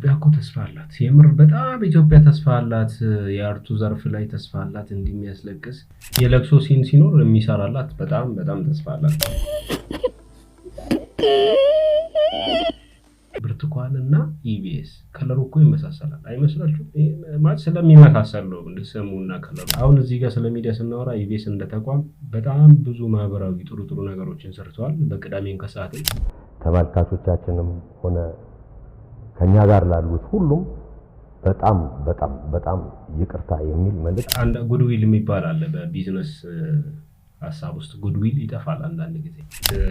ኢትዮጵያ እኮ ተስፋ አላት። የምር በጣም ኢትዮጵያ ተስፋ አላት። የአርቱ ዘርፍ ላይ ተስፋ አላት። እንዲህ የለቅሶ ሲን ሲኖር የሚሰራላት በጣም በጣም ተስፋ አላት። ብርቱካን እና ኢቢኤስ ከለሩ እኮ ይመሳሰላል አይመስላችሁ? ማለት ስለሚመሳሰል ነው ስሙ እና ከለሩ። አሁን እዚህ ጋር ስለሚዲያ ስናወራ ኢቢኤስ እንደ ተቋም በጣም ብዙ ማህበራዊ ጥሩ ጥሩ ነገሮችን ሰርተዋል። በቅዳሜን ከሰዓት ተመልካቾቻችንም ሆነ ከኛ ጋር ላሉት ሁሉም በጣም በጣም በጣም ይቅርታ የሚል መልዕክት። አንድ ጉድዊል የሚባል አለ። በቢዝነስ ሀሳብ ውስጥ ጉድዊል ይጠፋል አንዳንድ ጊዜ።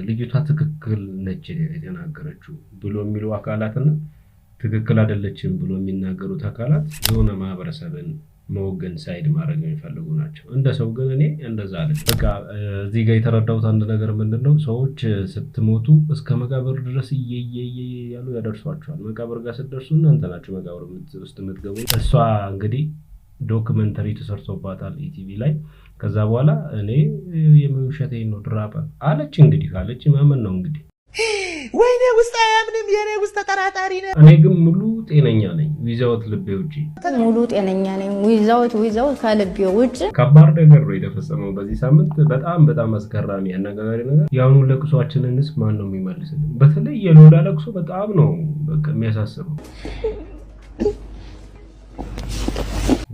ልጅቷ ትክክል ነች የተናገረችው ብሎ የሚሉ አካላትና ትክክል አይደለችም ብሎ የሚናገሩት አካላት የሆነ ማህበረሰብን መወገን ሳይድ ማድረግ የሚፈልጉ ናቸው። እንደ ሰው ግን እኔ እንደዛ አለ በቃ እዚህ ጋር የተረዳሁት አንድ ነገር ምንድን ነው፣ ሰዎች ስትሞቱ እስከ መቃብር ድረስ እየየየ ያሉ ያደርሷቸዋል። መቃብር ጋር ስትደርሱ እናንተ ናቸው መቃብር ውስጥ የምትገቡ። እሷ እንግዲህ ዶክመንተሪ ተሰርቶባታል ኢቲቪ ላይ። ከዛ በኋላ እኔ የመውሸቴ ነው ድራፐ አለች። እንግዲህ አለች ማመን ነው እንግዲህ ወይኔ ውስጥ አያምንም። የኔ ውስጥ ተጠራጣሪ ነ እኔ ግን ሙሉ ጤነኛ ነኝ፣ ዊዛውት ልቤ ውጭ ሙሉ ጤነኛ ነኝ፣ ዊዛውት ዊዛውት ከልቤ ውጭ። ከባድ ነገር ነው የተፈጸመው በዚህ ሳምንት። በጣም በጣም አስገራሚ አነጋጋሪ ነገር። የአሁኑ ለቅሷችንንስ ማን ነው የሚመልስልን? በተለይ የሎላ ለቅሶ በጣም ነው በቃ የሚያሳስበው።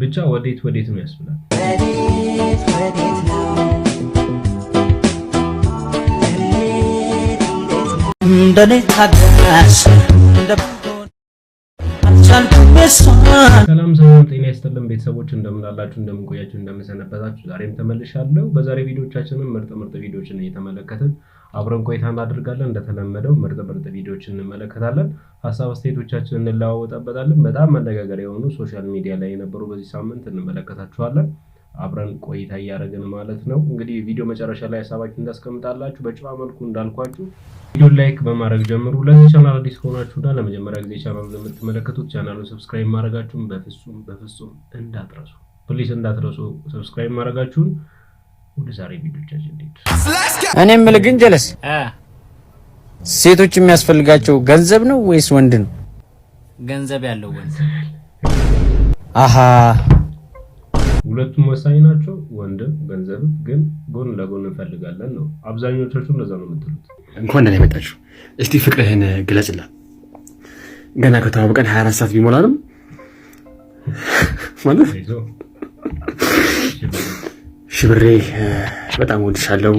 ብቻ ወዴት ወዴት ነው ያስብላል። ወዴት ወዴት ነው ሰላም ሰላም፣ ጤና ይስጥልን ቤተሰቦች፣ እንደምናላችሁ፣ እንደምንቆያችሁ፣ እንደምንሰነበታችሁ ዛሬም ተመልሻለሁ። በዛሬ ቪዲዮቻችንም ምርጥ ምርጥ ቪዲዮችን እየተመለከትን አብረን ቆይታ እናደርጋለን። እንደተለመደው ምርጥ ምርጥ ቪዲዮችን እንመለከታለን። ሀሳብ አስተያየቶቻችንን እንለዋወጠበታለን። በጣም መነጋገሪያ የሆኑ ሶሻል ሚዲያ ላይ የነበሩ በዚህ ሳምንት እንመለከታችኋለን። አብረን ቆይታ እያደረግን ማለት ነው። እንግዲህ ቪዲዮ መጨረሻ ላይ ሀሳባችሁ እንዳስቀምጣላችሁ በጨዋ መልኩ እንዳልኳችሁ ቪዲዮ ላይክ በማድረግ ጀምሩ። ለዚህ ቻናል አዲስ ከሆናችሁ እና ለመጀመሪያ ጊዜ ቻናሉ የምትመለከቱት ቻናሉን ሰብስክራይብ ማድረጋችሁን በፍጹም በፍጹም እንዳትረሱ፣ ፕሊስ እንዳትረሱ ሰብስክራይብ ማድረጋችሁን። ወደ ዛሬ ቪዲዮቻችን እንዴት እኔ የምልህ ግን ጀለስ ሴቶች የሚያስፈልጋቸው ገንዘብ ነው ወይስ ወንድ ነው? ገንዘብ ያለው ወንድ አሃ ሁለቱም ወሳኝ ናቸው። ወንድም ገንዘብ ግን ጎን ለጎን እንፈልጋለን ነው። አብዛኞቻችሁ እንደዛ ነው የምትሉት። እንኳን ደህና የመጣችሁ። እስቲ ፍቅርህን ግለጽላት። ገና ከተዋወቅን አራት ሰዓት ቢሞላንም ማለት ሽብሬ በጣም ወድሻለሁ።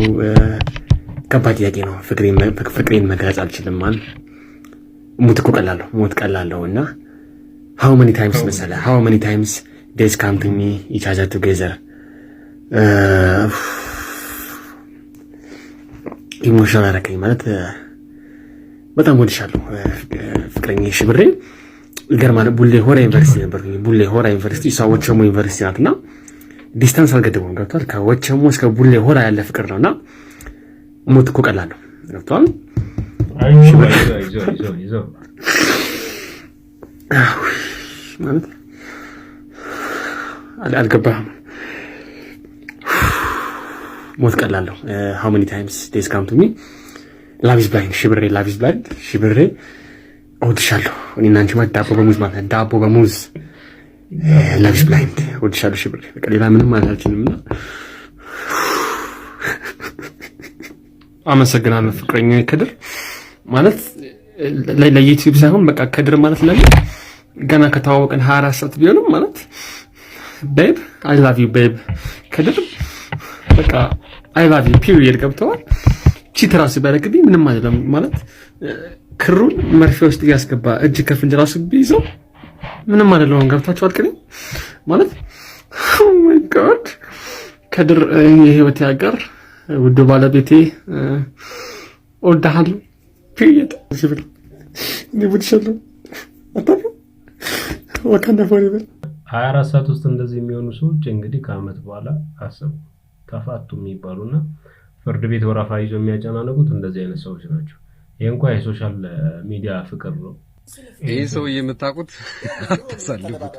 ከባድ ጥያቄ ነው። ፍቅሬን መግለጽ አልችልም። ማን ሙት እኮ ቀላለሁ ሞት ቀላለሁ እና ሀው መኒ ታይምስ መሰለህ ሀው መኒ ታይምስ Guys ካምፕ ሚ each ቱጌዘር ኢሞሽናል uh, አረከኝ ማለት uh, በጣም ወድሻለሁ uh, ፍቅረኛ ሽብሬ ይገርማል። ቡሌ ሆራ ዩኒቨርሲቲ ነበር። ቡሌ ሆራ ዩኒቨርሲቲ እሷ ወቸሞ ዩኒቨርሲቲ ናት እና ዲስታንስ አልገደበም። ገብቷል። ከወቸሞ እስከ ቡሌ ሆራ ያለ ፍቅር ነው እና ሞት እኮ ቀላል ነው። ገብቷል። ማለት አልገባህም። ሞት ቀላለሁ። ሃው ሜኒ ታይምስ ዴዝ ካም ቱ ሚ ላቪዝ ብላይንድ ሽብሬ፣ ላቪዝ ብላይንድ ሽብሬ እወድሻለሁ። እኔ እና አንቺ ማለት ዳቦ በሙዝ ማለት ዳቦ በሙዝ ላቪዝ ብላይንድ እወድሻለሁ ሽብሬ። በቃ ሌላ ምንም ማለት አልችልም። እና አመሰግናለሁ ፍቅረኛ ከድር ማለት ለዩቲዩብ ሳይሆን በቃ ከድር ማለት ለ ገና ከተዋወቅን አራት ሰዓት ቢሆንም ማለት ቤብ አይ ላቭ ዩ ቤብ ከድር በቃ አይ ላቭ ዩ ፒሪየድ ገብተዋል። ቺት ራሱ ቢያደርግብኝ ምንም አይደለም ማለት ክሩን መርፌ ውስጥ እያስገባ እጅ ከፍንጅ ራሱ ቢይዘው ምንም አይደለም። ገብታችኋል ቅኔ ማለት ኦ ማይ ጋድ ከድር የህይወት ያገር ውድ ባለቤቴ ወዳሃል ፒሪየድ ሲብል ሊቡድሻለሁ አታ ወካንዳ ፎሪበል ሀያ አራት ሰዓት ውስጥ እንደዚህ የሚሆኑ ሰዎች እንግዲህ ከአመት በኋላ አስቡ ተፋቱ የሚባሉና ፍርድ ቤት ወረፋ ይዞ የሚያጨናንቁት እንደዚህ አይነት ሰዎች ናቸው። ይህ እንኳ የሶሻል ሚዲያ ፍቅር ነው። ይህ ሰው የምታውቁት አታሳልፉት።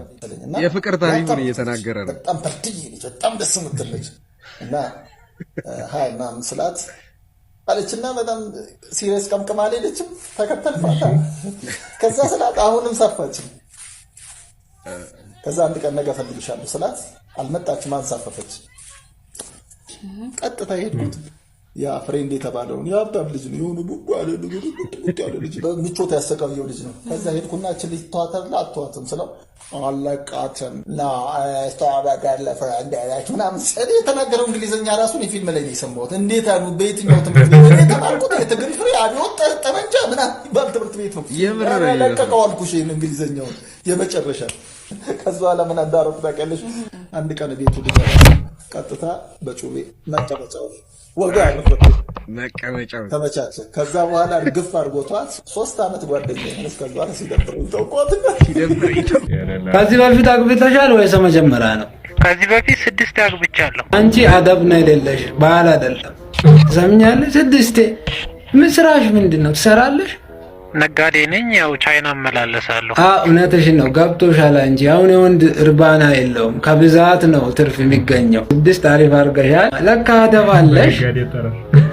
የፍቅር ታሪኩን እየተናገረ ነው። በጣም በርድዬ ነች፣ በጣም ደስ የምትለች እና ሀይ ምናምን ስላት አለች እና በጣም ሲሪየስ ቀምቅማ ሌለችም ተከተል ፋታ ከዛ ስላት አሁንም ሰፋችም ከዛ አንድ ቀን ነገ እፈልግሻለሁ ስላት አልመጣችም፣ አንሳፈፈች። ቀጥታ የሄድኩት ያ ፍሬንድ የተባለውን የሀብታም ልጅ ነው። የሆኑ ቡጉ ያለ ያለ ልጅ ምቾት ያሰቃየው ልጅ ነው። ከዛ ሄድኩና እችን ልጅ ተዋተርና አተዋትም ስለው አለቃትም ስተዋበጋለ ፍሬንዳችሁ ምናምን የተናገረው እንግሊዝኛ ራሱን የፊልም ላይ ነው የሰማሁት። እንዴት ያሉ በየትኛው ትምህርት ቤት የተማርኩት የትግል ፍሬ አብዮት ጠመንጃ ምናምን ባል ትምህርት ቤት ነው። ለቀቀው አልኩሽ ይህን እንግሊዝኛውን የመጨረሻ ከዚ በኋላ ምን አዳረኩ ታውቂያለሽ? አንድ ቀን ቤቱ ልገባ ቀጥታ በጩቤ መቀመጫው ወጋ መቀመጫው ተመቻቸ። ከዛ በኋላ ግፍ አድርጎቷት ሶስት ዓመት ጓደኛ ሆነች። ከዛ ሲደብረኝ ተውኳት። ከዚህ በፊት አግብተሻል ወይስ መጀመሪያ ነው? ከዚህ በፊት ስድስት አግብቻለሁ። አንቺ አደብ ነው የሌለሽ፣ ባህል አይደለም። ትሰምኛለሽ? ስድስቴ ምስራሽ ምንድን ነው ትሰራለሽ? ነጋዴ ነኝ፣ ያው ቻይና እመላለሳለሁ። እውነትሽ ነው፣ ገብቶሻል እንጂ አሁን የወንድ እርባና የለውም። ከብዛት ነው ትርፍ የሚገኘው። ስድስት አሪፍ አድርገሻል። ለካ አደባለሽ።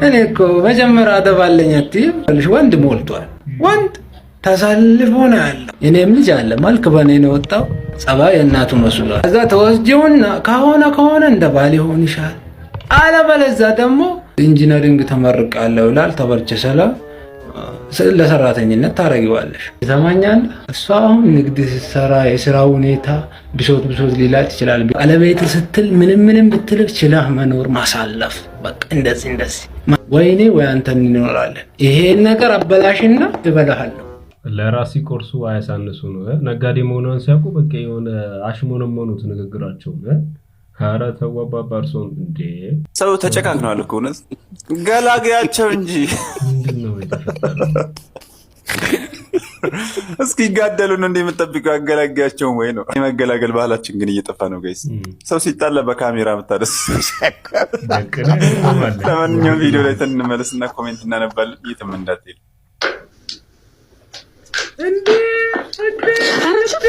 እኔ እኮ መጀመሪያ አደባለኝ አትይም። ወንድ ሞልቷል። ወንድ ተሰልፎ ነው ያለው። እኔም ልጅ አለ፣ መልክ በእኔ ነው ወጣው፣ ጸባይ የእናቱ መስሏል። እዛ ተወስጂውና ከሆነ ከሆነ እንደ ባል ይሆንሻል፣ አለበለዚያ ደግሞ ኢንጂነሪንግ ተመርቃለሁ ይላል ተበርቸሰላ ለሰራተኝነት ታረጊዋለሽ። ይሰማኛል። እሷ አሁን ንግድ ስትሰራ የስራ ሁኔታ ብሶት ብሶት ሊላት ይችላል። ባለቤት ስትል ምንም ምንም ብትልብ ችላህ መኖር ማሳለፍ፣ በቃ እንደዚህ እንደዚህ፣ ወይኔ ወይ አንተ እንኖራለን። ይሄን ነገር አበላሽና እበላሃለሁ። ለራሲ ቆርሱ አያሳንሱ ነው። ነጋዴ መሆኗን ሲያውቁ በቃ የሆነ አሽሞነመኑት ንግግራቸው ኧረ ተው አባባ እርስዎን እንደ ሰው ተጨካክነዋል እኮ እውነት ገላግያቸው እንጂ እስኪ እስኪጋደሉን እንደ የምጠብቀው ያገላግያቸውን ወይ ነው። የመገላገል ባህላችን ግን እየጠፋ ነው ጋይስ። ሰው ሲጣለ በካሜራ የምታደስ። ለማንኛውም ቪዲዮ ላይ ትንመለስ እና ኮሜንት እናነባለን። የትም እንዳትሄዱ። እንዴ! እንዴ!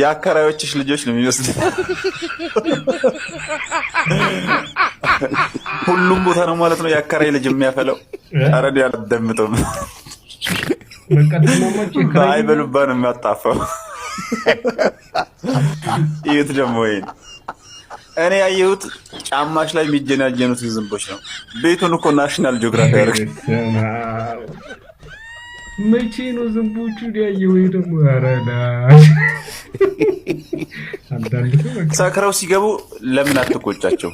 የአከራዮችሽ ልጆች ነው የሚመስል። ሁሉም ቦታ ነው ማለት ነው የአከራይ ልጅ የሚያፈለው። ኧረ እኔ አላዳምጠውም። አይ በሉባ ነው የሚያጣፈው። ይሁት ደግሞ ይሄን እኔ ያየሁት ጫማሽ ላይ የሚጀናጀኑት ዝንቦች ነው። ቤቱን እኮ ናሽናል ጂኦግራፊ ያደርግ መቼ ነው ዝንቦቹ ያየሁ ደግሞ ረዳ ሰክረው ሲገቡ ለምን አትቆጫቸው?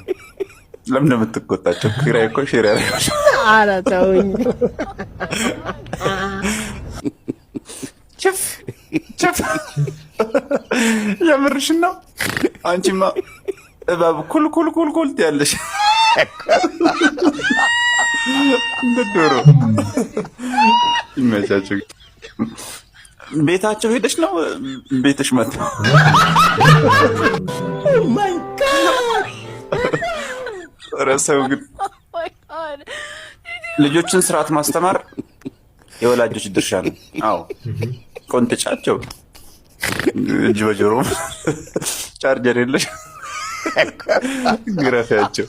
ለምን የምትቆጣቸው? ኪራይ እኮ ሽር ኧረ ተውኝ። ቸፍ ቸፍ የምርሽን ነው? አንቺማ እባብ ኩልኩልኩልኩል ትያለሽ እንደ ዶሮ ይመቻቸው። ቤታቸው ሄደሽ ነው ቤትሽ መጣ። oh ግን oh ልጆችን ስርዓት ማስተማር የወላጆች ድርሻ ነው። አዎ ቆንጥጫቸው እጅ በጆሮ ቻርጀር የለሽ ግረፊያቸው።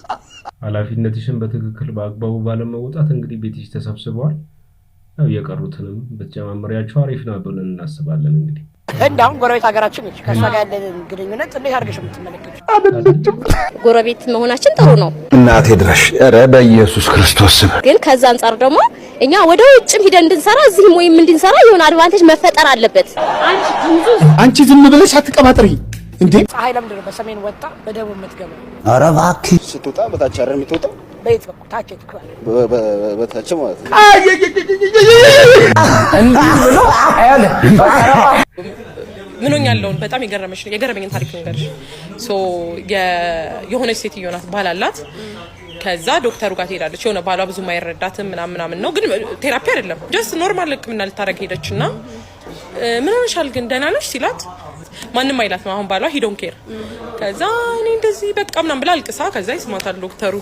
ኃላፊነትሽን በትክክል በአግባቡ ባለመውጣት እንግዲህ ቤትሽ ተሰብስበዋል። የቀሩትንም ብትጨማምሪያቸው አሪፍ ነው ብለን እናስባለን። እንግዲህ እንደ አሁን ጎረቤት ሀገራችን ነች። ከእሷ ጋር ያለን ግንኙነት እንዴት አድርገሽ የምትመለከች? ጎረቤት መሆናችን ጥሩ ነው። እናቴ ድረሽ ረ በኢየሱስ ክርስቶስ ስም። ግን ከዛ አንጻር ደግሞ እኛ ወደ ውጭም ሂደን እንድንሰራ እዚህም ወይም እንድንሰራ የሆነ አድቫንቴጅ መፈጠር አለበት። አንቺ ዝም ብለሽ አትቀባጥሪ እንዴ! ፀሐይ ለምንድን ነው በሰሜን ወጣ በደቡብ የምትገባ? ኧረ እባክህ ስትወጣ በታች አረ የምትወጣ በየት በኩል ታች ማለት ነው። ምን ሆኛለሁ? በጣም የገረመሽ የገረመኝን ታሪክ ልንገርሽ። የሆነች ሴትዮ ናት፣ ባል ከዛ ዶክተሩ ጋር ትሄዳለች። የሆነ ባሏ ብዙ አይረዳትም ምናምን ምናምን ነው፣ ግን ቴራፒ አይደለም ጀስት ኖርማል ሕክምና ልታደርግ ሄደች እና ምን ሆነሻል ግን ደህና ነሽ ሲላት ማንም አይላት ነው አሁን ባሏ ሂዶን ኬር ከዛ እኔ እንደዚህ በቃ ምናምን ብላ አልቅሳ ከዛ ይስማታል ዶክተሩ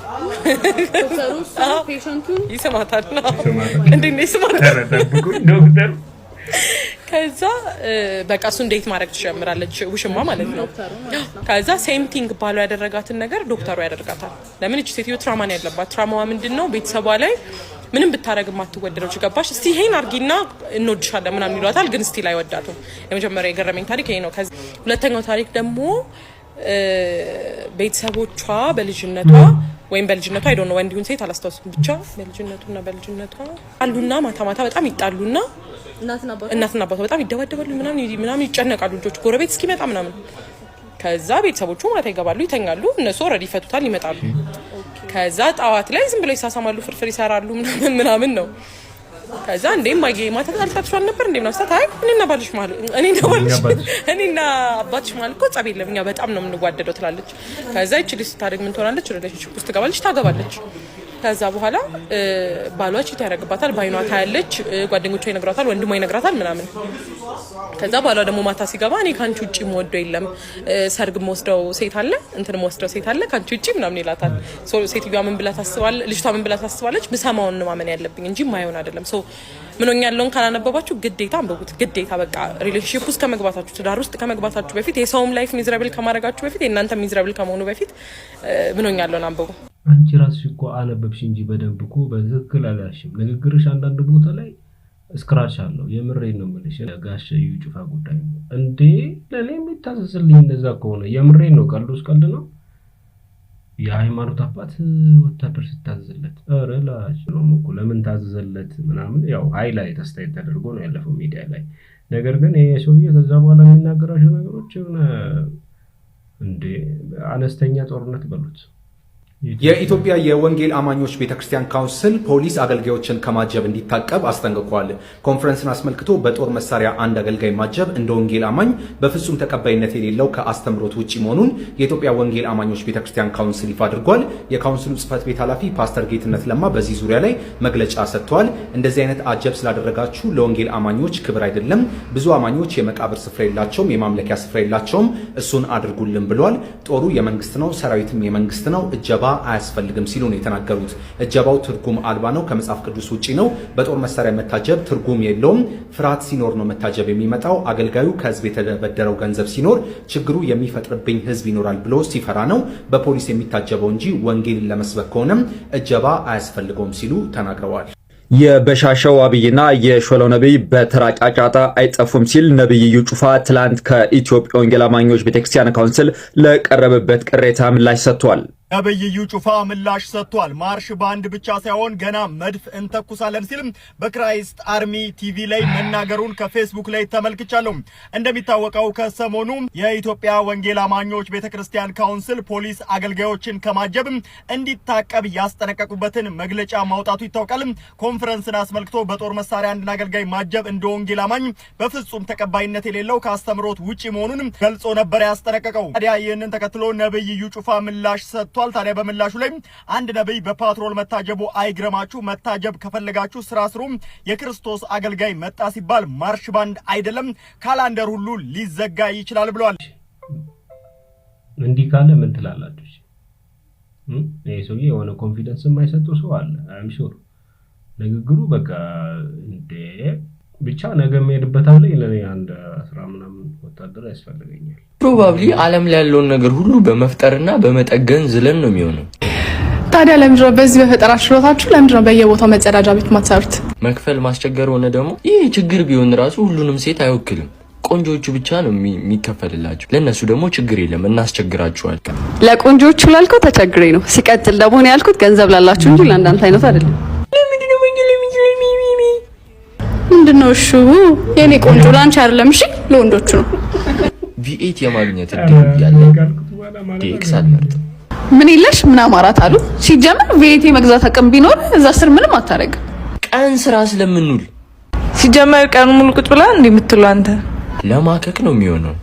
ይስማታል እንዴ ይስማታል ዶክተር ከዛ በቃ እሱ እንዴት ማድረግ ትጀምራለች ውሽማ ማለት ነው። ከዛ ሴም ቲንግ ባሏ ያደረጋትን ነገር ዶክተሩ ያደርጋታል። ለምን እች ሴትዮ ትራማን ያለባት ትራማዋ ምንድን ነው ቤተሰቧ ላይ ምንም ብታረግ የማትወደደው ገባሽ። እስቲ ይሄን አርጊና እንወድሻለን ምናምን ይሏታል፣ ግን እስቲ ላይ አይወዳትም። የመጀመሪያ የገረመኝ ታሪክ ይሄ ነው። ከዚህ ሁለተኛው ታሪክ ደግሞ ቤተሰቦቿ በልጅነቷ ወይም በልጅነቷ አይዶ ነው ወንድ ሴት አላስታውስም፣ ብቻ በልጅነቱና በልጅነቷ አሉና ማታ ማታ በጣም ይጣሉና እናትና አባቷ በጣም ይደባደባሉ፣ ምናምን ይጨነቃሉ ልጆች ጎረቤት እስኪመጣ ምናምን። ከዛ ቤተሰቦቹ ማታ ይገባሉ፣ ይተኛሉ። እነሱ ኦልሬዲ ይፈቱታል፣ ይመጣሉ ከዛ ጠዋት ላይ ዝም ብለው ይሳሳማሉ፣ ፍርፍር ይሰራሉ ምናምን ነው። ከዛ እንዴ ማጌ ማታ ተጣልታችኋል ነበር እንዴ ምናምን ስታት፣ አይ እኔና ባልሽ ማለት እኔና ባልሽ እኔና አባትሽ ማለት እኮ ጸብ የለም እኛ በጣም ነው የምንጓደደው ትላለች። ከዛ ይችልሽ ስታደግ ምን ትሆናለች? ሪሌሽንሺፕ ውስጥ ትገባለች፣ ታገባለች ከዛ በኋላ ባሏ ቺት ያደርግባታል። ባይኗ ታያለች፣ ጓደኞቿ ይነግራታል፣ ወንድሟ ይነግራታል ምናምን። ከዛ ባሏ ደግሞ ማታ ሲገባ እኔ ከአንቺ ውጭ የምወደው የለም፣ ሰርግ የምወስደው ሴት አለ፣ እንትን የምወስደው ሴት አለ ከአንቺ ውጭ ምናምን ይላታል። ሴትዮዋ ምን ብላ ታስባለች? ልጅቷ ምን ብላ ታስባለች? ምሰማውን ማመን ያለብኝ እንጂ ማየውን አይደለም። ምን ሆኛ ያለውን ካላነበባችሁ ግዴታ አንብቡት። ግዴታ በቃ ሪሌሽንሽፕ ውስጥ ከመግባታችሁ ትዳር ውስጥ ከመግባታችሁ በፊት የሰውም ላይፍ ሚዝራብል ከማድረጋችሁ በፊት የእናንተ ሚዝራብል ከመሆኑ በፊት ምን ሆኛ ያለውን አንብቡ። አንቺ ራስሽ እኮ አነበብሽ እንጂ በደንብ እኮ በትክክል አልያሽም። ንግግርሽ አንዳንድ ቦታ ላይ እስክራች አለው። የምሬን ነው የምልሽ። ጋሽ ጭፋ ጉዳይ ነው እንዴ ለእኔ የሚታሰስልኝ? እንደዛ ከሆነ የምሬን ነው። ቀልዶስ ቀልድ ነው። የሃይማኖት አባት ወታደር ሲታዘዝለት ረላች ነው እኮ ለምን ታዘዘለት ምናምን ያው ሀይ ላይ ተስታይ ተደርጎ ነው ያለፈው ሚዲያ ላይ። ነገር ግን ይሄ ሰውዬ ከዛ በኋላ የሚናገራቸው ነገሮች እንዴ አነስተኛ ጦርነት በሉት የኢትዮጵያ የወንጌል አማኞች ቤተክርስቲያን ካውንስል ፖሊስ አገልጋዮችን ከማጀብ እንዲታቀብ አስጠንቅቋል። ኮንፈረንስን አስመልክቶ በጦር መሳሪያ አንድ አገልጋይ ማጀብ እንደ ወንጌል አማኝ በፍጹም ተቀባይነት የሌለው ከአስተምሮት ውጭ መሆኑን የኢትዮጵያ ወንጌል አማኞች ቤተክርስቲያን ካውንስል ይፋ አድርጓል። የካውንስሉ ጽህፈት ቤት ኃላፊ ፓስተር ጌትነት ለማ በዚህ ዙሪያ ላይ መግለጫ ሰጥተዋል። እንደዚህ አይነት አጀብ ስላደረጋችሁ ለወንጌል አማኞች ክብር አይደለም። ብዙ አማኞች የመቃብር ስፍራ የላቸውም፣ የማምለኪያ ስፍራ የላቸውም። እሱን አድርጉልን ብሏል። ጦሩ የመንግስት ነው፣ ሰራዊትም የመንግስት ነው። እጀባ አያስፈልግም ሲሉ ነው የተናገሩት። እጀባው ትርጉም አልባ ነው፣ ከመጽሐፍ ቅዱስ ውጪ ነው። በጦር መሳሪያ መታጀብ ትርጉም የለውም። ፍርሃት ሲኖር ነው መታጀብ የሚመጣው። አገልጋዩ ከህዝብ የተበደረው ገንዘብ ሲኖር ችግሩ የሚፈጥርብኝ ህዝብ ይኖራል ብሎ ሲፈራ ነው በፖሊስ የሚታጀበው እንጂ ወንጌልን ለመስበክ ከሆነም እጀባ አያስፈልገውም ሲሉ ተናግረዋል። የበሻሸው አብይና የሾለው ነቢይ በተራ ጫጫታ አይጠፉም ሲል ነቢይ እዩ ጩፋ ትላንት ከኢትዮጵያ ወንጌል አማኞች ቤተክርስቲያን ካውንስል ለቀረበበት ቅሬታ ምላሽ ሰጥቷል። አብይ ጩፋ ምላሽ ሰጥቷል። ማርሽ ባንድ ብቻ ሳይሆን ገና መድፍ እንተኩሳለን ሲልም በክራይስት አርሚ ቲቪ ላይ መናገሩን ከፌስቡክ ላይ ተመልክቻለሁ። እንደሚታወቀው ከሰሞኑ የኢትዮጵያ ወንጌል አማኞች ቤተ ክርስቲያን ካውንስል ፖሊስ አገልጋዮችን ከማጀብ እንዲታቀብ ያስጠነቀቁበትን መግለጫ ማውጣቱ ይታወቃል። ኮንፈረንስን አስመልክቶ በጦር መሳሪያ አንድን አገልጋይ ማጀብ እንደ ወንጌል አማኝ በፍጹም ተቀባይነት የሌለው ከአስተምሮት ውጪ መሆኑን ገልጾ ነበር ያስጠነቀቀው። ታዲያ ይህንን ተከትሎ ነብይ ጩፋ ምላሽ ሰጥቷል። ሰጥቷል። ታዲያ በምላሹ ላይ አንድ ነቢይ በፓትሮል መታጀቡ አይግረማችሁ። መታጀብ ከፈለጋችሁ ስራ ስሩ። የክርስቶስ አገልጋይ መጣ ሲባል ማርሽ ባንድ አይደለም ካላንደር ሁሉ ሊዘጋ ይችላል ብለዋል። እንዲህ ካለ ምን ትላላችሁ? ይህ ሰውዬ የሆነ ኮንፊደንስ የማይሰጡ ሰው አለ። ሹር ንግግሩ በቃ እንዴ ብቻ ነገ የምሄድበት አለ ለኔ አንድ አስራ ምናምን ወታደር ያስፈልገኛል። ፕሮባብሊ አለም ላይ ያለውን ነገር ሁሉ በመፍጠርና በመጠገን ዝለን ነው የሚሆነው። ታዲያ ለምንድን በዚህ በፈጠራ ችሎታችሁ ለምንድነው በየቦታው መጸዳጃ ቤት ማትሰሩት? መክፈል ማስቸገር ሆነ ደግሞ ይህ ችግር ቢሆን ራሱ ሁሉንም ሴት አይወክልም። ቆንጆቹ ብቻ ነው የሚከፈልላቸው። ለእነሱ ደግሞ ችግር የለም፣ እናስቸግራችኋል። ለቆንጆቹ ላልከው ተቸግሬ ነው። ሲቀጥል ደግሞ ያልኩት ገንዘብ ላላችሁ እንጂ ለአንዳንድ አይነት አይደለም። ለምንድን ነው እሹ የኔ ቆንጆ? ላንቺ አይደለም እሺ፣ ለወንዶቹ ነው። ቪኤት የማግኘት እድል ያለ ዲኤክስ አልመርጥም። ምን የለሽ ምን አማራት አሉ። ሲጀመር ቪኤት የመግዛት አቅም ቢኖር እዛ ስር ምንም አታደርግም። ቀን ስራ ስለምንውል ሲጀመር ቀን ሙሉ ቁጭ ብላ እንዲህ የምትለው አንተ ለማከክ ነው የሚሆነው።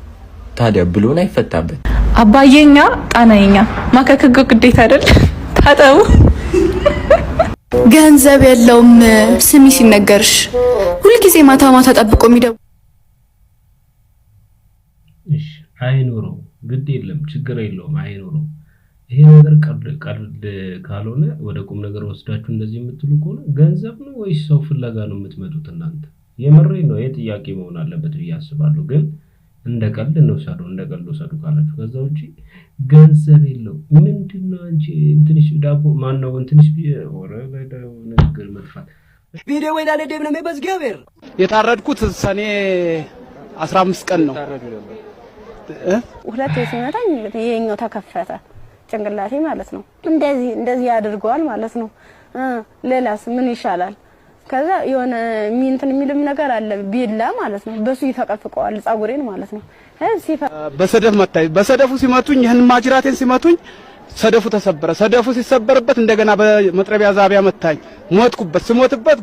ታዲያ ብሎን አይፈታበት አባዬኛ ጣናኛ ማከክ ህግ ግዴታ አይደል? ታጠቡ ገንዘብ የለውም። ስሚ ሲነገርሽ ሁልጊዜ ማታ ማታ ጠብቆ የሚደውል አይኖረው፣ ግድ የለም ችግር የለውም አይኖረው። ይሄ ነገር ቀልድ ቀልድ ካልሆነ ወደ ቁም ነገር ወስዳችሁ እንደዚህ የምትሉ ከሆነ ገንዘብ ነው ወይስ ሰው ፍለጋ ነው የምትመጡት እናንተ? የምሬ ነው። ይሄ ጥያቄ መሆን አለበት ብዬ አስባለሁ ግን እንደ ቀልድ እንውሰዱ፣ እንደ ቀልድ ውሰዱ ካላችሁ፣ ከዛ ውጭ ገንዘብ የለው ምንድነው ነው አንቺ እንትንሽ ዳቦ ማነው እንትንሽ ወረ ንግግር መጥፋት ቪዲዮ ወይ ዳለ ደብ ነው በእግዚአብሔር የታረድኩት ሰኔ አስራ አምስት ቀን ነው። ሁለት ሲመታኝ የኛው ተከፈተ ጭንቅላቴ ማለት ነው። እንደዚህ እንደዚህ ያድርገዋል ማለት ነው። ሌላስ ምን ይሻላል? ከዛ የሆነ ሚንትን የሚልም ነገር አለ ቢላ ማለት ነው። በሱ ይፈቀፍቀዋል ጸጉሬን ማለት ነው። በሰደፍ መታኝ። በሰደፉ ሲመቱኝ ይህን ማጅራቴን ሲመቱኝ ሰደፉ ተሰበረ። ሰደፉ ሲሰበርበት እንደገና በመጥረቢያ ዛቢያ መታኝ። ሞትኩበት። ስሞትበት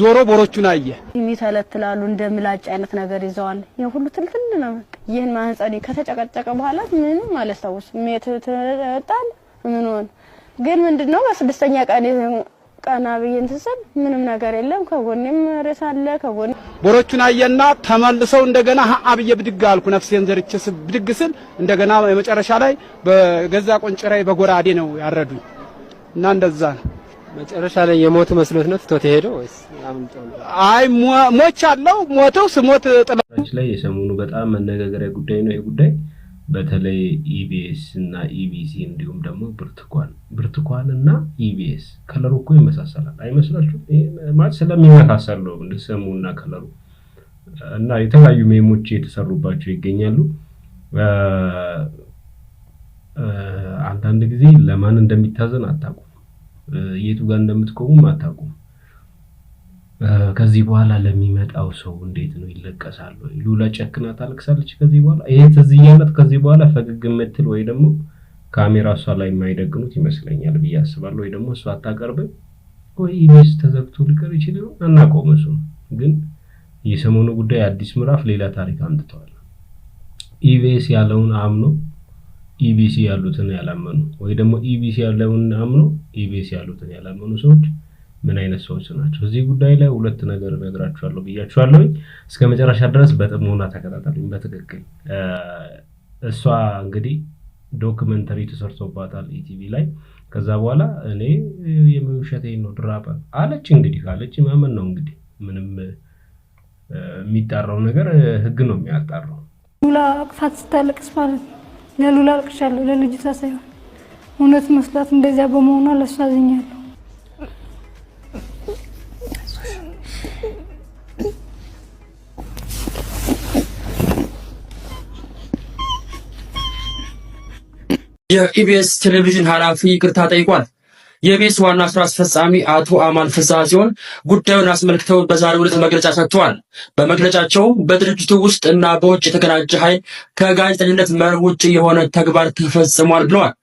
ዞሮ ቦሮቹን አየ። የሚተለትላሉ እንደ ምላጭ አይነት ነገር ይዘዋል። ይህ ሁሉ ትልትል ነው። ይህን ማህፀኔ ከተጨቀጨቀ በኋላ ምንም አላስታውስም። ሜት ትጣል ምን ሆን ግን ምንድነው በስድስተኛ ቀን ቀና ብዬ እንትን ስል ምንም ነገር የለም። ከጎኔም ሬሳ አለ። ከጎኔ ቦሮቹን አየና ተመልሰው እንደገና ሀ ብዬ ብድግ አልኩ። ነፍሴን ዘርቼ ብድግ ስል እንደገና የመጨረሻ ላይ በገዛ ቆንጭራይ በጎራዴ ነው ያረዱኝ እና እንደዛ ነው። መጨረሻ ላይ የሞት መስሎት ነው ትቶት የሄደው ወይስ አይ ሞች አለው ሞተው ስሞት ጥላች ላይ የሰሞኑ በጣም መነጋገሪያ ጉዳይ ነው ይሄ ጉዳይ። በተለይ ኢቢኤስ e እና ኢቢሲ e እንዲሁም ደግሞ ብርቱካን ብርቱካን እና ኢቢኤስ e ከለሩ እኮ ይመሳሰላል አይመስላችሁም? ማለት ስለሚመሳሰል ነው ስሙ እና ከለሩ እና የተለያዩ ሜሞች የተሰሩባቸው ይገኛሉ። አንዳንድ ጊዜ ለማን እንደሚታዘን አታውቁም፣ የቱ ጋር እንደምትቆሙም አታውቁም። ከዚህ በኋላ ለሚመጣው ሰው እንዴት ነው ይለቀሳሉ? ሉላ ጨክና ታለቅሳለች። ከዚህ በኋላ ይሄ ተዚህ እያለት ከዚህ በኋላ ፈገግ የምትል ወይ ደግሞ ካሜራ እሷ ላይ የማይደግኑት ይመስለኛል ብዬ አስባለሁ። ወይ ደግሞ እሷ አታቀርብም ወይ ኢቢኤስ ተዘግቶ ሊቀር ይችል ነው አናውቀውም። እሱ ግን የሰሞኑ ጉዳይ አዲስ ምዕራፍ ሌላ ታሪክ አምጥተዋል። ኢቢኤስ ያለውን አምኖ ኢቢሲ ያሉትን ያላመኑ ወይ ደግሞ ኢቢሲ ያለውን አምኖ ኢቢኤስ ያሉትን ያላመኑ ሰዎች ምን አይነት ሰዎች ናቸው። እዚህ ጉዳይ ላይ ሁለት ነገር እነግራችኋለሁ ብያችኋለሁኝ። እስከ መጨረሻ ድረስ በጥሞና ተከታተሉኝ። በትክክል እሷ እንግዲህ ዶክመንተሪ ተሰርቶባታል ኢቲቪ ላይ። ከዛ በኋላ እኔ የውሸቴን ነው ድራባ አለች። እንግዲህ ካለች ማመን ነው እንግዲህ ምንም የሚጣራው ነገር ህግ ነው የሚያጣራው። ሉላ አቅፋት ስታለቅስ ማለት ለሉላ አልቅሻለሁ፣ ለልጅቷ ሳይሆን እውነት መስሏት እንደዚያ በመሆኗ ለሷ አዝኛለሁ። የኢቢኤስ ቴሌቪዥን ኃላፊ ይቅርታ ጠይቋል። የኢቢኤስ ዋና ስራ አስፈጻሚ አቶ አማን ፍስሐ ሲሆን ጉዳዩን አስመልክተው በዛሬው ዕለት መግለጫ ሰጥተዋል። በመግለጫቸው በድርጅቱ ውስጥ እና በውጭ የተቀናጀ ኃይል ከጋዜጠኝነት መርህ ውጭ የሆነ ተግባር ተፈጽሟል ብለዋል።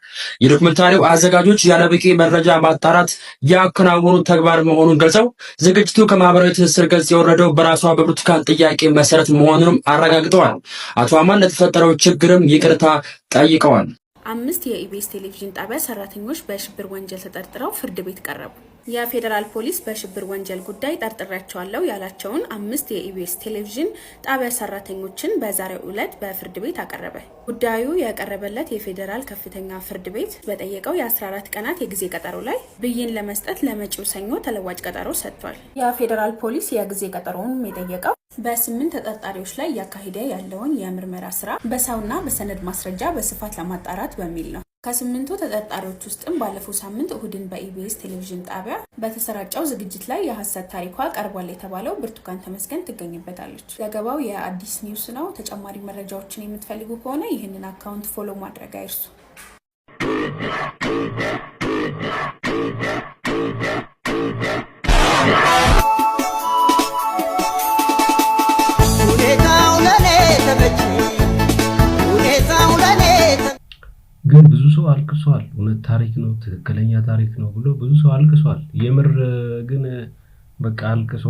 የዶክመንታሪው አዘጋጆች ያለበቂ መረጃ ማጣራት ያከናወኑ ተግባር መሆኑን ገልጸው ዝግጅቱ ከማህበራዊ ትስስር ገጽ የወረደው በራሷ በብርቱካን ጥያቄ መሰረት መሆኑንም አረጋግጠዋል። አቶ አማን ለተፈጠረው ችግርም ይቅርታ ጠይቀዋል። አምስት የኢቢኤስ ቴሌቪዥን ጣቢያ ሰራተኞች በሽብር ወንጀል ተጠርጥረው ፍርድ ቤት ቀረቡ። የፌዴራል ፖሊስ በሽብር ወንጀል ጉዳይ ጠርጥሬያቸዋለሁ ያላቸውን አምስት የኢቢኤስ ቴሌቪዥን ጣቢያ ሰራተኞችን በዛሬው ዕለት በፍርድ ቤት አቀረበ። ጉዳዩ የቀረበለት የፌዴራል ከፍተኛ ፍርድ ቤት በጠየቀው የ14 ቀናት የጊዜ ቀጠሮ ላይ ብይን ለመስጠት ለመጪው ሰኞ ተለዋጭ ቀጠሮ ሰጥቷል። የፌዴራል ፖሊስ የጊዜ ቀጠሮውንም የጠየቀው በስምንት ተጠርጣሪዎች ላይ እያካሄደ ያለውን የምርመራ ስራ በሰውና በሰነድ ማስረጃ በስፋት ለማጣራት በሚል ነው። ከስምንቱ ተጠርጣሪዎች ውስጥም ባለፈው ሳምንት እሁድን በኢቢኤስ ቴሌቪዥን ጣቢያ በተሰራጨው ዝግጅት ላይ የሀሰት ታሪኳ ቀርቧል የተባለው ብርቱካን ተመስገን ትገኝበታለች። ዘገባው የአዲስ ኒውስ ነው። ተጨማሪ መረጃዎችን የምትፈልጉ ከሆነ ይህንን አካውንት ፎሎ ማድረግ አይርሱ። ሁኔታው ግን ብዙ ሰው አልቅሷል። እውነት ታሪክ ነው፣ ትክክለኛ ታሪክ ነው ብሎ ብዙ ሰው አልቅሷል። የምር ግን በቃ አልቅሶ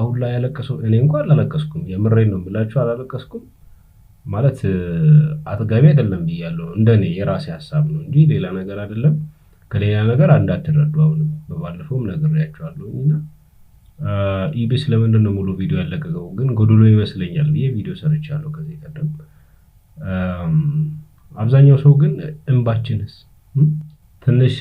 አሁን ላይ ያለቀሰው እኔ እንኳን አላለቀስኩም። የምሬ ነው ብላችሁ አላለቀስኩም ማለት አጥጋቢ አይደለም ብያለሁ። እንደኔ የራሴ ሀሳብ ነው እንጂ ሌላ ነገር አይደለም። ከሌላ ነገር እንዳትረዱ። አሁንም በባለፈውም ነግሬያቸዋለሁ እና ኢቢኤስ ለምንድን ነው ሙሉ ቪዲዮ ያለቀቀው? ግን ጎዶሎ ይመስለኛል ብዬ ቪዲዮ ሰርቻለሁ ከዚህ ቀደም አብዛኛው ሰው ግን እንባችንስ ትንሽ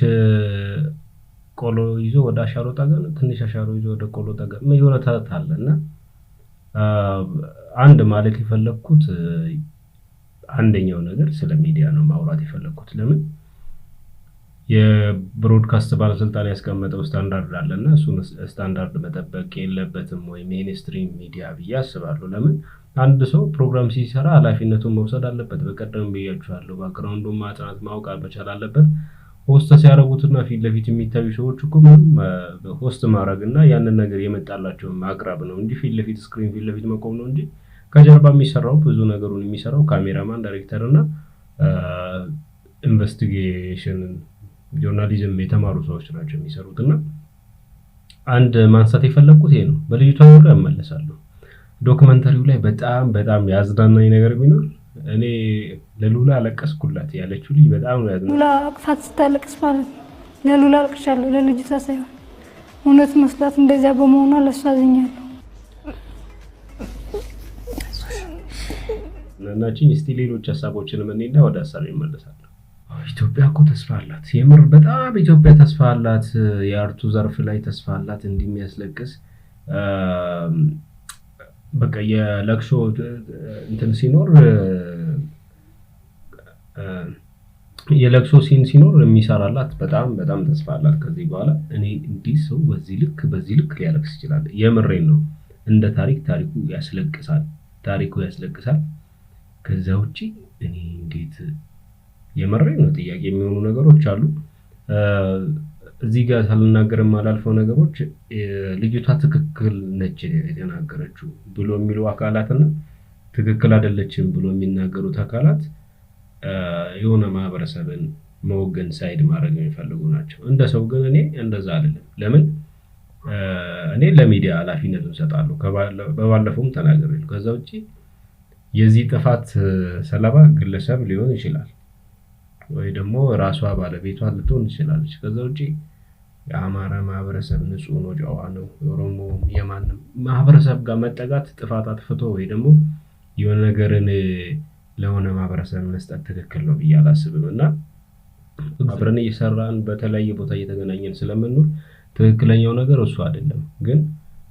ቆሎ ይዞ ወደ አሻሮ ጠገብ፣ ትንሽ አሻሮ ይዞ ወደ ቆሎ ጠገብ የሆነ ተረት አለ እና አንድ ማለት የፈለግኩት አንደኛው ነገር ስለ ሚዲያ ነው ማውራት የፈለግኩት ለምን የብሮድካስት ባለስልጣን ያስቀመጠው ስታንዳርድ አለ እና እሱን ስታንዳርድ መጠበቅ የለበትም ወይ ሜንስትሪም ሚዲያ ብዬ አስባለሁ። ለምን አንድ ሰው ፕሮግራም ሲሰራ ኃላፊነቱን መውሰድ አለበት። በቀደም ብያችኋለሁ፣ ባክግራውንዱን ማጥናት ማወቅ መቻል አለበት። ሆስት ሲያደረጉትና ፊት ለፊት የሚታዩ ሰዎች እኮ ምንም ሆስት ማድረግ እና ያንን ነገር የመጣላቸውን ማቅረብ ነው እንጂ ፊት ለፊት ስክሪን ፊት ለፊት መቆም ነው እንጂ ከጀርባ የሚሰራው ብዙ ነገሩን የሚሰራው ካሜራማን፣ ዳይሬክተር እና ኢንቨስቲጌሽን ጆርናሊዝም የተማሩ ሰዎች ናቸው የሚሰሩት እና አንድ ማንሳት የፈለግኩት ይሄ ነው። በልጅቷ ዙሪያ እመለሳለሁ። ዶክመንተሪው ላይ በጣም በጣም ያዝናናኝ ነገር ቢኖር እኔ ለሉላ አለቀስኩላት ያለችው ልጅ በጣም ነው ያዝናናኝ። ሉላ አቅፋት ስታለቅስ ማለት ነው። ለሉላ አልቅሻለሁ፣ ለልጅቷ ሳይሆን እውነት መስላት እንደዚያ በመሆኗ ለእሷ አዝኛለሁ። ናናችን እስቲ ሌሎች ሀሳቦችንም እኔና ወደ ሀሳብ ይመለሳል። ኢትዮጵያ እኮ ተስፋ አላት። የምር በጣም ኢትዮጵያ ተስፋ አላት። የአርቱ ዘርፍ ላይ ተስፋ አላት። እንዲህ የሚያስለቅስ በቃ የለቅሶ እንትን ሲኖር የለቅሶ ሲን ሲኖር የሚሰራላት በጣም በጣም ተስፋ አላት። ከዚህ በኋላ እኔ እንዲህ ሰው በዚህ ልክ በዚህ ልክ ሊያለቅስ ይችላል። የምሬን ነው። እንደ ታሪክ ታሪኩ ያስለቅሳል። ታሪኩ ያስለቅሳል። ከዚያ ውጭ እኔ እንዴት የመራኝ ነው ጥያቄ የሚሆኑ ነገሮች አሉ። እዚህ ጋር ሳልናገር የማላልፈው ነገሮች ልጅቷ ትክክል ነች የተናገረችው ብሎ የሚሉ አካላትና ትክክል አይደለችም ብሎ የሚናገሩት አካላት የሆነ ማህበረሰብን መወገን ሳይድ ማድረግ የሚፈልጉ ናቸው። እንደ ሰው ግን እኔ እንደዛ አይደለም። ለምን እኔ ለሚዲያ ኃላፊነት እሰጣለሁ። በባለፈውም ተናገር ከዛ ውጭ የዚህ ጥፋት ሰለባ ግለሰብ ሊሆን ይችላል ወይ ደግሞ ራሷ ባለቤቷ ልትሆን ትችላለች። ከዛ ውጪ የአማራ ማህበረሰብ ንጹህ ነው፣ ጨዋ ነው፣ የኦሮሞ የማንም ማህበረሰብ ጋር መጠጋት ጥፋት አጥፍቶ ወይ ደግሞ የሆነ ነገርን ለሆነ ማህበረሰብ መስጠት ትክክል ነው ብዬ አላስብም እና አብረን እየሰራን በተለያየ ቦታ እየተገናኘን ስለምንኖር ትክክለኛው ነገር እሱ አይደለም። ግን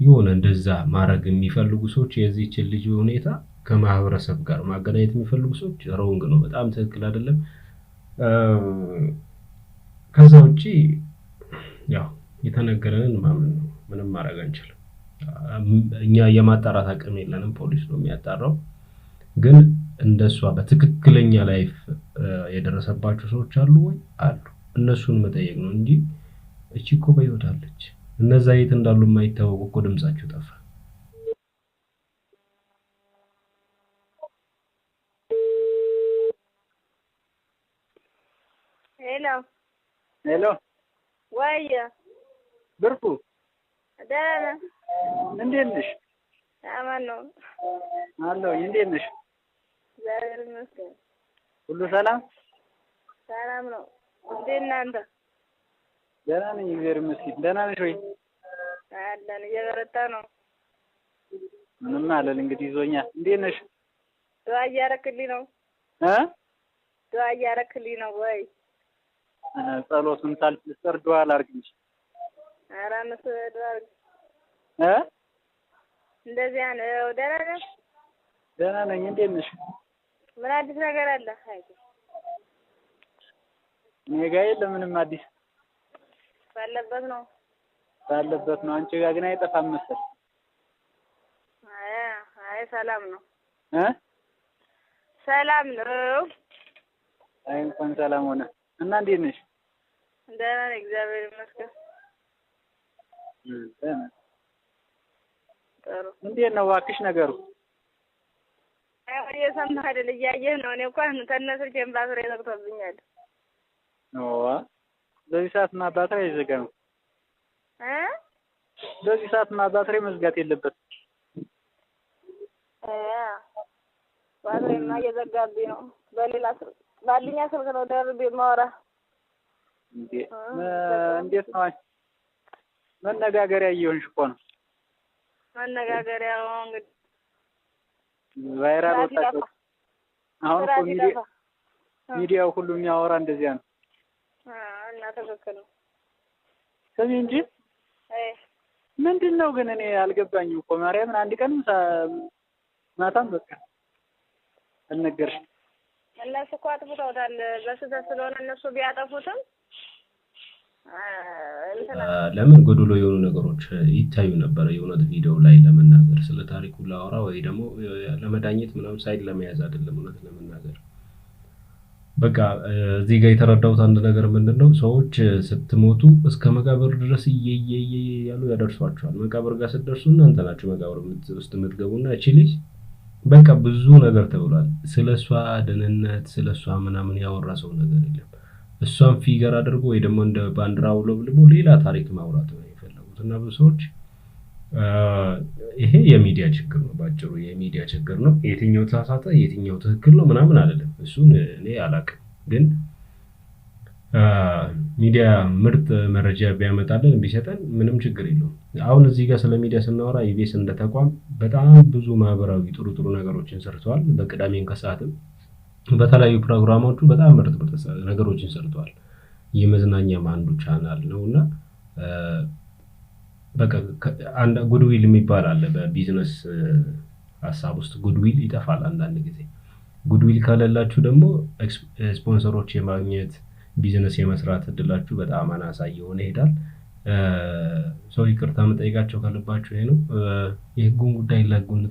የሆነ እንደዛ ማድረግ የሚፈልጉ ሰዎች የዚህችን ልጅ ሁኔታ ከማህበረሰብ ጋር ማገናኘት የሚፈልጉ ሰዎች ሮንግ ነው፣ በጣም ትክክል አይደለም። ከዛ ውጭ ያው የተነገረንን ማምን ነው። ምንም ማድረግ አንችልም። እኛ የማጣራት አቅም የለንም። ፖሊስ ነው የሚያጣራው። ግን እንደሷ በትክክለኛ ላይፍ የደረሰባቸው ሰዎች አሉ ወይ? አሉ። እነሱን መጠየቅ ነው እንጂ እቺ እኮ በሕይወት አለች፣ እነዛ የት እንዳሉ የማይታወቁ እኮ ድምጻቸው ጠፋ ሄሎ ሄሎ፣ ወይ ደህና ነህ? እንዴት ነሽ? አማን ነው አለው። እንዴት ነሽ? እግዚአብሔር ይመስገን። ሁሉ ሰላም ሰላም ነው። እንዴት እናንተ? ደህና ነኝ፣ እግዚአብሔር ይመስገን። ደህና ነሽ ወይ? አለን፣ እየበረታ ነው። ምንም እንግዲህ ይዞኛል። እንዴት ነሽ? እያረክልኝ ነው እ እያረክልኝ ነው ወይ ጸሎቱን ሳልፍ ልስጠር ዱዓ ላድርግልሽ። እ እንደዚያ ነው። ደህና ደህና ነኝ። እንዴት ነሽ? ምን አዲስ ነገር አለ? እኔ ጋር የለም ምንም አዲስ። ባለበት ነው ባለበት ነው። አንቺ ግን አይጠፋም መሰል። አይ አይ ሰላም ነው እ ሰላም ነው። አይ እንኳን ሰላም ሆነ እና እንዴት ነሽ? ደህና ነኝ፣ እግዚአብሔር ይመስገን። እንዴት ነው እባክሽ ነገሩ? እየሰማህ አይደል? እያየህ ነው። እኔ እንኳን ከእነ ስልኬን ባትሪ ዘግቶብኛል። በዚህ ሰዓት ማ ባትሪ በዚህ ሰዓት ማ ባትሪ መዝጋት የለበትም። ባትሪማ እየዘጋብኝ ነው። በሌላ ስልክ ባልኛ ስልክ ነው ደርቤ ማውራ እንዴት ነው? መነጋገሪያ እየሆንሽ እኮ ነው። መነጋገሪያ እንግዲህ ቫይራል ወጣ አሁን እኮ ሚዲያው ሁሉ የሚያወራ እንደዚያ ነው። እና ተከከለ ስሚ እንጂ ምንድን ነው ግን እኔ አልገባኝም እኮ ማርያምን። አንድ ቀንም ማታም በቃ አልነገርሽም። እነሱ እኮ አጥፍተውታል በስህተት ስለሆነ እነሱ ቢያጠፉትም ለምን ጎዶሎ የሆኑ ነገሮች ይታዩ ነበረ። የእውነት ቪዲዮ ላይ ለመናገር ስለ ታሪኩ ላወራ ወይ ደግሞ ለመዳኘት ምናምን ሳይድ ለመያዝ አይደለም። እውነት ለመናገር በቃ እዚህ ጋር የተረዳሁት አንድ ነገር ምንድን ነው፣ ሰዎች ስትሞቱ እስከ መቃብር ድረስ እየየየ ያሉ ያደርሷቸዋል። መቃብር ጋር ስትደርሱ እናንተ ናቸው መቃብር ውስጥ የምትገቡና እቺ ልጅ በቃ ብዙ ነገር ተብሏል። ስለ እሷ ደህንነት ስለ እሷ ምናምን ያወራ ሰው ነገር የለም። እሷን ፊገር አድርጎ ወይ ደግሞ እንደ ባንዲራ አውለብልቦ ሌላ ታሪክ ማውራት ነው የፈለጉት እና ብዙ ሰዎች ይሄ የሚዲያ ችግር ነው። ባጭሩ የሚዲያ ችግር ነው። የትኛው ተሳሳተ፣ የትኛው ትክክል ነው ምናምን አይደለም። እሱን እኔ አላቅም። ግን ሚዲያ ምርጥ መረጃ ቢያመጣልን ቢሰጠን ምንም ችግር የለውም። አሁን እዚህ ጋር ስለ ሚዲያ ስናወራ ኢቢኤስ እንደ ተቋም በጣም ብዙ ማህበራዊ ጥሩ ጥሩ ነገሮችን ሰርተዋል። በቅዳሜን ከሰዓትም በተለያዩ ፕሮግራሞቹ በጣም ምርጥ ምርጥ ነገሮችን ሰርተዋል። የመዝናኛም አንዱ ቻናል ነው እና በቃ ጉድዊል የሚባል አለ። በቢዝነስ ሀሳብ ውስጥ ጉድዊል ይጠፋል አንዳንድ ጊዜ። ጉድዊል ከሌላችሁ ደግሞ ስፖንሰሮች የማግኘት ቢዝነስ የመስራት እድላችሁ በጣም አናሳ እየሆነ ይሄዳል። ሰው ይቅርታ መጠየቃቸው ካለባችሁ ይሄ ነው። የህጉን ጉዳይ ለህጉን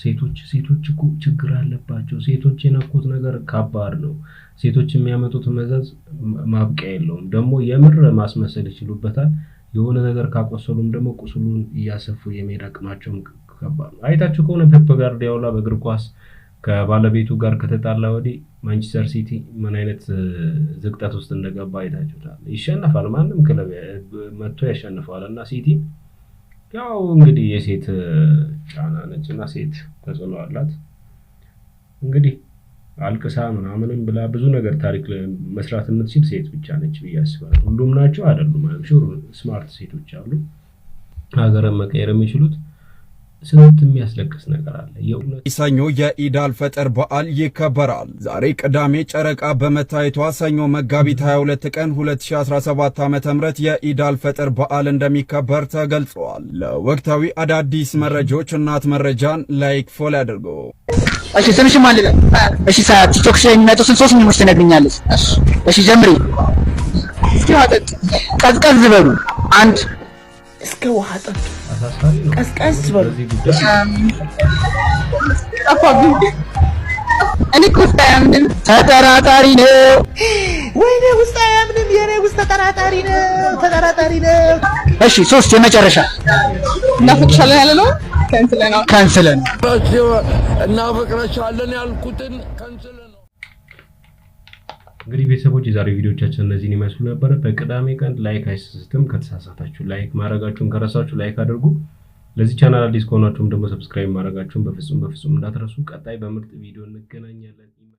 ሴቶች ሴቶች እኮ ችግር አለባቸው። ሴቶች የነኩት ነገር ከባድ ነው። ሴቶች የሚያመጡት መዘዝ ማብቂያ የለውም። ደግሞ የምር ማስመሰል ይችሉበታል። የሆነ ነገር ካቆሰሉም ደግሞ ቁስሉን እያሰፉ የመሄድ አቅማቸውም ከባድ ነው። አይታችሁ ከሆነ ፔፕ ጋርዲዮላ በእግር ኳስ ከባለቤቱ ጋር ከተጣላ ወዲህ ማንቸስተር ሲቲ ምን አይነት ዝቅጠት ውስጥ እንደገባ አይታችሁታል። ይሸነፋል፣ ማንም ክለብ መጥቶ ያሸንፈዋል እና ሲቲ ያው እንግዲህ የሴት ጫና ነች እና ሴት ተጽዕኖ አላት። እንግዲህ አልቅሳ ምናምንም ብላ ብዙ ነገር ታሪክ መስራት የምትችል ሴት ብቻ ነች ብዬ አስባለሁ። ሁሉም ናቸው አይደሉም፣ ስማርት ሴቶች አሉ ሀገርን መቀየር የሚችሉት ስንት የሚያስለቅስ ነገር አለ። የእውነት ሰኞ የኢድ አልፈጥር በዓል ይከበራል። ዛሬ ቅዳሜ ጨረቃ በመታየቷ ሰኞ መጋቢት 22 ቀን 2017 ዓ ም የኢድ አልፈጥር በዓል እንደሚከበር ተገልጿል። ለወቅታዊ አዳዲስ መረጃዎች እናት መረጃን ላይክ ፎል አድርጎ እሺ፣ ስምሽም አለ። እሺ፣ ቲክቶክ የሚመጡ ስም ሶስት ሚኒሞች ትነግኛለች። እሺ፣ ጀምሪ። ቀዝቀዝ በሉ አንድ اسكوا حاطط اسكوا እንግዲህ ቤተሰቦች የዛሬ ቪዲዮቻችን እነዚህን ይመስሉ ነበረ። በቅዳሜ ቀን ላይክ አይስስትም። ከተሳሳታችሁ ላይክ ማድረጋችሁን ከረሳችሁ ላይክ አድርጉ። ለዚህ ቻናል አዲስ ከሆናችሁም ደግሞ ሰብስክራይብ ማድረጋችሁን በፍጹም በፍጹም እንዳትረሱ። ቀጣይ በምርጥ ቪዲዮ እንገናኛለን።